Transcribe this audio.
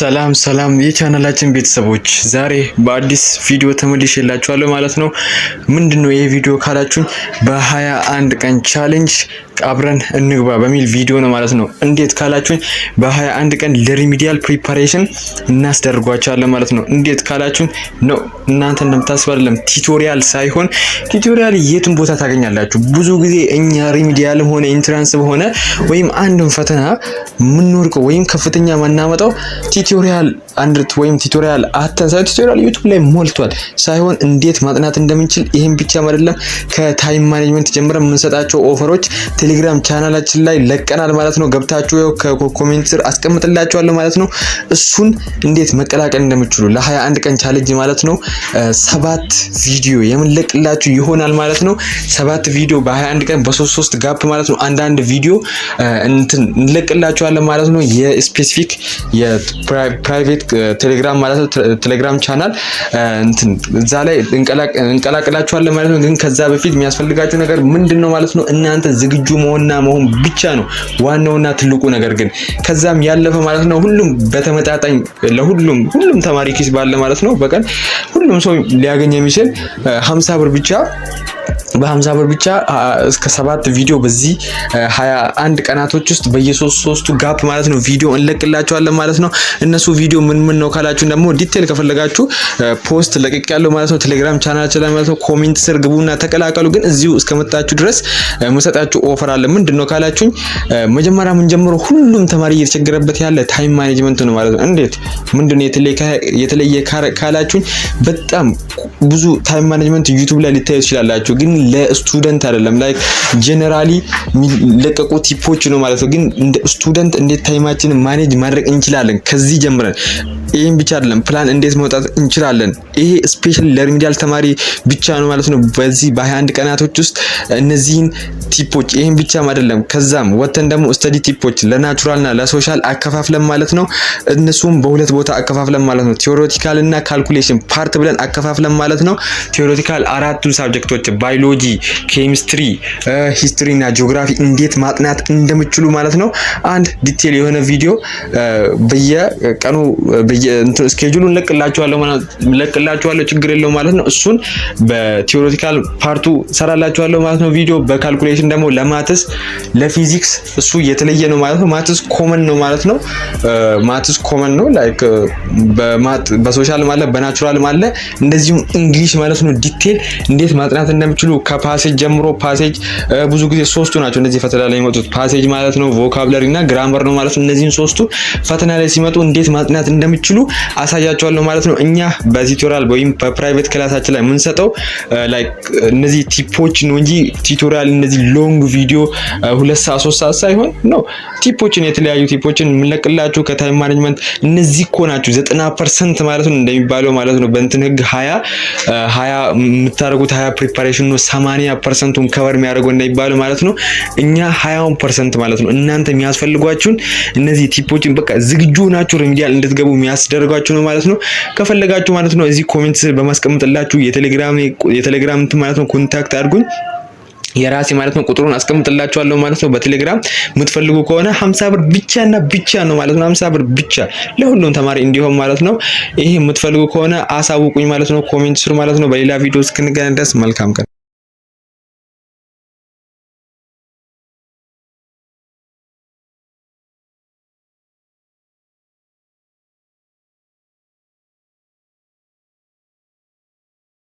ሰላም ሰላም የቻናላችን ቤተሰቦች ዛሬ በአዲስ ቪዲዮ ተመልሼላችኋለሁ ማለት ነው። ምንድነው ይሄ ቪዲዮ ካላችሁኝ በ አንድ ቀን ቻሌንጅ አብረን እንግባ በሚል ቪዲዮ ነው ማለት ነው። እንዴት ካላችሁኝ በ በ21 ቀን ለሪሚዲያል ፕሪፓሬሽን እናስደርጓቸዋለን ማለት ነው። እንዴት ካላችሁኝ ነው እናንተ እንደምታስብ አይደለም፣ ቲቶሪያል ሳይሆን ቲቶሪያል የትም ቦታ ታገኛላችሁ። ብዙ ጊዜ እኛ ሪሚዲያልም ሆነ ኢንትራንስ ሆነ ወይም አንድን ፈተና የምንወድቀው ወይም ከፍተኛ የማናመጣው ቲዩቶሪያል አንድርት ወይም ቲዩቶሪያል አተን አተንሳይ ቲዩቶሪያል ዩቱብ ላይ ሞልቷል ሳይሆን እንዴት ማጥናት እንደምንችል ይህም ብቻ አይደለም ከታይም ማኔጅመንት ጀምረን የምንሰጣቸው ኦፈሮች ቴሌግራም ቻናላችን ላይ ለቀናል ማለት ነው። ገብታችሁ ከኮሜንት ስር አስቀምጥላችኋለሁ ማለት ነው። እሱን እንዴት መቀላቀል እንደምችሉ ለ21 ቀን ቻሌንጅ ማለት ነው ሰባት ቪዲዮ የምንለቅላችሁ ይሆናል ማለት ነው። ሰባት ቪዲዮ በ21 ቀን በሶስት ሶስት ጋፕ ማለት ነው አንዳንድ ቪዲዮ እንትን እንለቅላችኋለን ማለት ነው የስፔሲፊክ ፕራይቬት ቴሌግራም uh, ማለት ነው ቴሌግራም ቻናል uh, እንትን እዛ ላይ እንቀላቅላችኋለን ማለት ነው። ግን ከዛ በፊት የሚያስፈልጋችሁ ነገር ምንድን ነው ማለት ነው እናንተ ዝግጁ መሆንና መሆን ብቻ ነው ዋናውና ትልቁ ነገር። ግን ከዛም ያለፈ ማለት ነው ሁሉም በተመጣጣኝ ለሁሉም ሁሉም ተማሪ ኪስ ባለ ማለት ነው በቀን ሁሉም ሰው ሊያገኝ የሚችል ሀምሳ uh, ብር ብቻ በ ብር ብቻ እስከ ሰባት ቪዲዮ በዚህ አንድ ቀናቶች ውስጥ በየሶስት ሶስቱ ጋፕ ማለት ነው ቪዲዮ እንለቅላቸዋለን ማለት ነው። እነሱ ቪዲዮ ምን ምን ነው ካላችሁ ደግሞ ዲቴል ከፈለጋችሁ ፖስት ለቅቅ ያለው ማለት ነው ቴሌግራም ቻናላችን ላይ ማለት ነው። ኮሜንት ስር ግቡና ተቀላቀሉ። ግን እዚሁ እስከመጣችሁ ድረስ መሰጣችሁ ኦፈር አለ። ምንድን ነው ካላችሁኝ መጀመሪያ ጀምሮ ሁሉም ተማሪ እየተቸገረበት ያለ ታይም ማኔጅመንት ነው ማለት ነው። እንዴት ምንድን የተለየ ካላችሁኝ በጣም ብዙ ታይም ማኔጅመንት ዩቱብ ላይ ሊታዩ ትችላላችሁ ግን ለስቱደንት አይደለም ላይክ ጀነራሊ የሚለቀቁ ቲፖች ነው ማለት ነው። ግን ስቱደንት እንዴት ታይማችን ማኔጅ ማድረግ እንችላለን ከዚህ ጀምረን ይህም ብቻ አይደለም፣ ፕላን እንዴት መውጣት እንችላለን። ይሄ ስፔሻሊ ለሪሚዲያል ተማሪ ብቻ ነው ማለት ነው። በዚህ በ21 ቀናቶች ውስጥ እነዚህን ቲፖች ይህም ብቻም አይደለም፣ ከዛም ወተን ደግሞ ስተዲ ቲፖች ለናቹራልና ለሶሻል አከፋፍለን ማለት ነው። እነሱም በሁለት ቦታ አከፋፍለን ማለት ነው። ቴዎሬቲካል እና ካልኩሌሽን ፓርት ብለን አከፋፍለን ማለት ነው። ቴዎሬቲካል አራቱን ሳብጀክቶች ባዮሎጂ፣ ኬሚስትሪ፣ ሂስትሪ እና ጂኦግራፊ እንዴት ማጥናት እንደምችሉ ማለት ነው። አንድ ዲቴል የሆነ ቪዲዮ uh, በየቀኑ ስኬጁሉን ለቅላችኋለሁ ችግር የለው ማለት ነው። እሱን በቲዎሬቲካል ፓርቱ ሰራላችኋለሁ ማለት ነው። ቪዲዮ በካልኩሌሽን ደግሞ ለማትስ ለፊዚክስ እሱ የተለየ ነው ማለት ነው። ማትስ ኮመን ነው ማለት ነው። ማትስ ኮመን ነው ላይክ በሶሻል ማለ በናቹራል አለ እንደዚሁም እንግሊሽ ማለት ነው። ዲቴል እንዴት ማጥናት እንደምችሉ ከፓሴጅ ጀምሮ ፓሴጅ ብዙ ጊዜ ሶስቱ ናቸው እነዚህ ፈተና ላይ የመጡት ፓሴጅ ማለት ነው፣ ቮካብለሪ እና ግራመር ነው ማለት ነው። እነዚህም ሶስቱ ፈተና ላይ ሲመጡ እንዴት ማጥናት እንደምችሉ እንደምትችሉ አሳያቸዋለሁ ማለት ነው። እኛ በቲቶሪያል ወይም በፕራይቬት ክላሳችን ላይ የምንሰጠው ላይክ እነዚህ ቲፖች ነው እንጂ ቲቶሪያል እነዚህ ሎንግ ቪዲዮ ሁለት ሰዓት ሶስት ሰዓት ሳይሆን ነው ቲፖችን የተለያዩ ቲፖችን የምንለቅላችሁ ከታይም ማኔጅመንት እነዚህ እኮ ናችሁ ዘጠና ፐርሰንት ማለት ነው እንደሚባለው ማለት ነው በእንትን ህግ ሀያ ሀያ የምታደርጉት ሀያ ፕሪፓሬሽን ነው ሰማንያ ፐርሰንቱን ከቨር የሚያደርገው እንደሚባለው ማለት ነው እኛ ሀያውን ፐርሰንት ማለት ነው እናንተ የሚያስፈልጓችሁን እነዚህ ቲፖችን በቃ ዝግጁ ናችሁ ሪሚዲያል እንድትገቡ የሚያስ እያስደረጓችሁ ነው ማለት ነው። ከፈለጋችሁ ማለት ነው እዚህ ኮሜንት በማስቀምጥላችሁ የቴሌግራም የቴሌግራም ማለት ነው ኮንታክት አድርጉኝ የራሴ ማለት ነው ቁጥሩን አስቀምጥላችኋለሁ ማለት ነው። በቴሌግራም የምትፈልጉ ከሆነ ሀምሳ ብር ብቻ እና ብቻ ነው ማለት ነው። ሀምሳ ብር ብቻ ለሁሉም ተማሪ እንዲሆን ማለት ነው። ይህ የምትፈልጉ ከሆነ አሳውቁኝ ማለት ነው። ኮሜንት ስሩ ማለት ነው። በሌላ ቪዲዮ እስክንገናኝ ድረስ መልካም ቀን